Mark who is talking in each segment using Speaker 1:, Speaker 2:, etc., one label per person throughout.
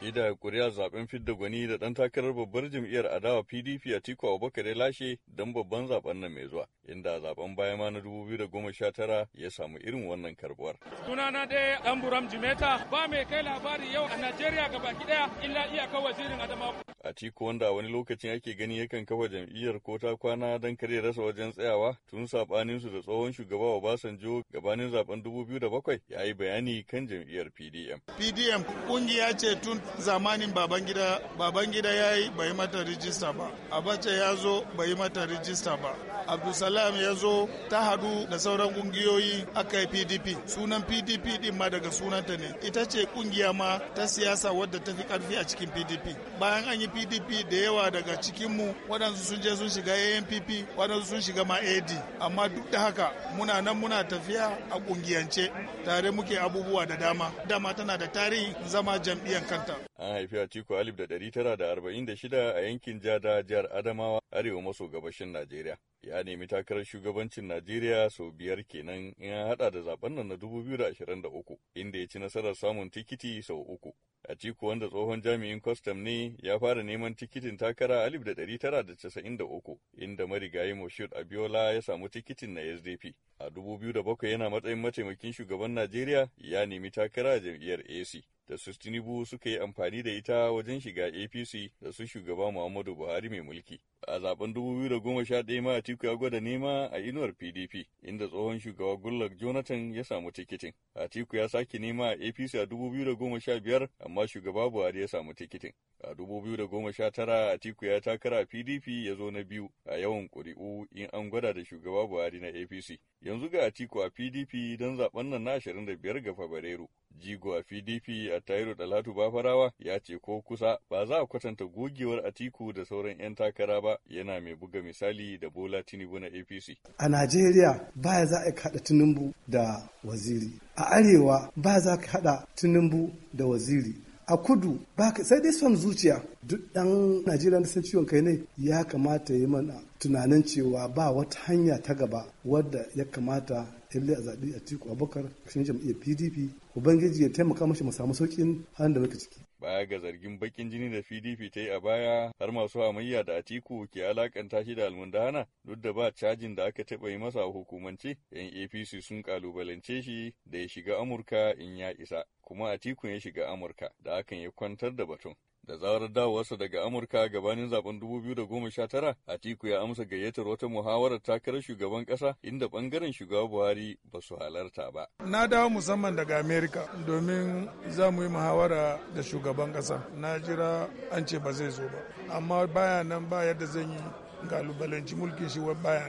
Speaker 1: Ida kuri'a zaben fidda gwani da ɗan takarar babbar jam'iyyar adawa PDP a Tiko Abubakar ya lashe don babban zaben nan mai zuwa, inda zaben baya ma na 2019 ya samu irin wannan karbuwar.
Speaker 2: Sunana dai ɗan Buram Jimeta ba mai kai labari yau a Najeriya gaba ɗaya illa iyakar wazirin Adamawa.
Speaker 1: Atiku wanda wani lokacin ake gani yakan kafa jam'iyyar ko ta kwana don kare rasa wajen tsayawa tun sabanin su da tsohon shugaba Obasanjo gabanin zaben 2007 ya yi bayani kan jam'iyyar PDM.
Speaker 2: PDM ƙungiya ce tun zamanin Babangida Babangida ya yi bai mata rijista ba. Abacha ya zo bai mata rijista ba. Abdulsalam ya zo ta hadu da sauran kungiyoyi aka yi PDP. Sunan PDP din ma daga sunanta ne. Ita ce ƙungiya ma ta siyasa wadda ta fi karfi a cikin PDP. Bayan an yi pdp da yawa daga cikinmu waɗansu sun je sun shiga ampp waɗansu sun shiga ma ad amma duk da haka muna nan muna tafiya a ƙungiyance tare muke abubuwa da dama dama tana da tarihi zama jam'iyyar kanta
Speaker 1: an haifi Atiku Alif da ɗari tara da arba'in da shida a yankin Jada jihar Adamawa arewa maso gabashin Najeriya. Ya nemi takarar shugabancin Najeriya sau biyar kenan in an haɗa da zaben nan na dubu biyu da da ashirin uku inda ya ci nasarar samun tikiti sau uku. Atiku wanda tsohon jami'in kwastam ne ya fara neman tikitin takara alif da ɗari tara da casa'in da uku inda marigayi Moshood Abiola ya samu tikitin na SDP. A dubu biyu da bakwai yana matsayin mataimakin shugaban Najeriya ya nemi takara a jam'iyyar AC. da su Tinubu suka yi amfani da ita wajen shiga APC da su shugaba Muhammadu Buhari mai mulki. A zaben 2011 ma Atiku ya gwada nema a inuwar PDP inda tsohon shugaba gullar Jonathan ya samu tikitin. Atiku ya sake nema a APC a 2015 amma shugaba Buhari ya samu tikitin. A 2019 Atiku ya takara PDP ya zo na biyu a yawan ƙuri'u in an gwada da shugaba Buhari na APC. Yanzu ga Atiku a PDP don zaben nan na 25 ga Fabrairu. jigo a PDP a Tairo Dalatu Bafarawa ya ce ko kusa ba za a kwatanta gogewar Atiku da sauran 'yan takara ba yana mai buga misali da Bola Tinubu na APC.
Speaker 2: A Najeriya baya za a kaɗa Tinubu da waziri. A Arewa ba za ka haɗa Tinubu da waziri. a kudu ba sai dai son zuciya duk ɗan najeriya da san ciwon kai ne ya kamata ya yi mana tunanin cewa ba wata hanya ta gaba wadda ya kamata lalle a zaɓi a tiku abubakar cikin jam'iyyar pdp ubangiji ya taimaka mashi mu samu sauƙin halin da muke ciki
Speaker 1: baya ga zargin bakin jini da PDP ta yi a baya har masu amayya da Atiku ke alakanta shi da almundana duk da ba cajin da aka taɓa yi masa a hukumance, 'yan APC sun kalubalance shi da ya shiga Amurka in ya isa. kuma Atiku ya shiga Amurka da hakan ya kwantar da batun. Da zarar dawowarsa daga Amurka gabanin zaben 2019, Atiku ya amsa gayyatar wata muhawarar takarar shugaban ƙasa inda ɓangaren shugaba Buhari ba su halarta ba.
Speaker 2: Na dawo musamman daga Amerika domin za mu yi muhawara da shugaban ƙasa. Na jira an ce ba zai zo ba, amma baya nan ba yadda zan yi galubalanci mulkin shi baya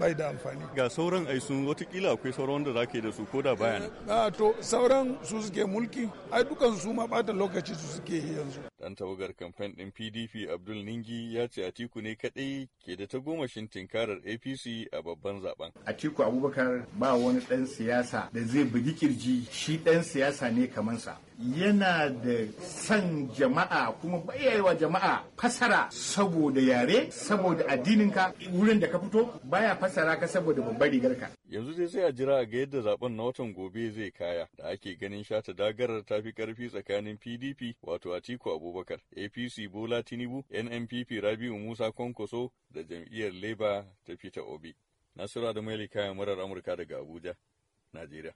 Speaker 2: bai da amfani
Speaker 1: ga sauran ai sun watakila akwai sauran wanda za ka yi da su ko da bayanan.
Speaker 2: Eh, a ah, to sauran su suke mulki ai dukan su ma bata lokaci su suke yanzu
Speaker 1: dan tawagar kamfen din PDP Abdul Ningi ya ce Atiku ne kadai ke da ta goma shin tinkarar APC a babban zaben
Speaker 2: Atiku Abubakar ba wani dan siyasa da zai bugi kirji shi dan siyasa ne kamansa yana da san jama'a kuma baya jama'a fasara saboda yare saboda addininka wurin da ka fito baya fasara ka saboda babbar rigarka
Speaker 1: yanzu dai sai a jira ga yadda zaben na watan gobe zai kaya da ake ganin shata dagarar ta fi karfi tsakanin pdp wato atiku abubakar apc bola tinubu nnpp rabiu musa konkoso da jam'iyyar labour ta peter obi nasura da mailika murar amurka daga abuja najeriya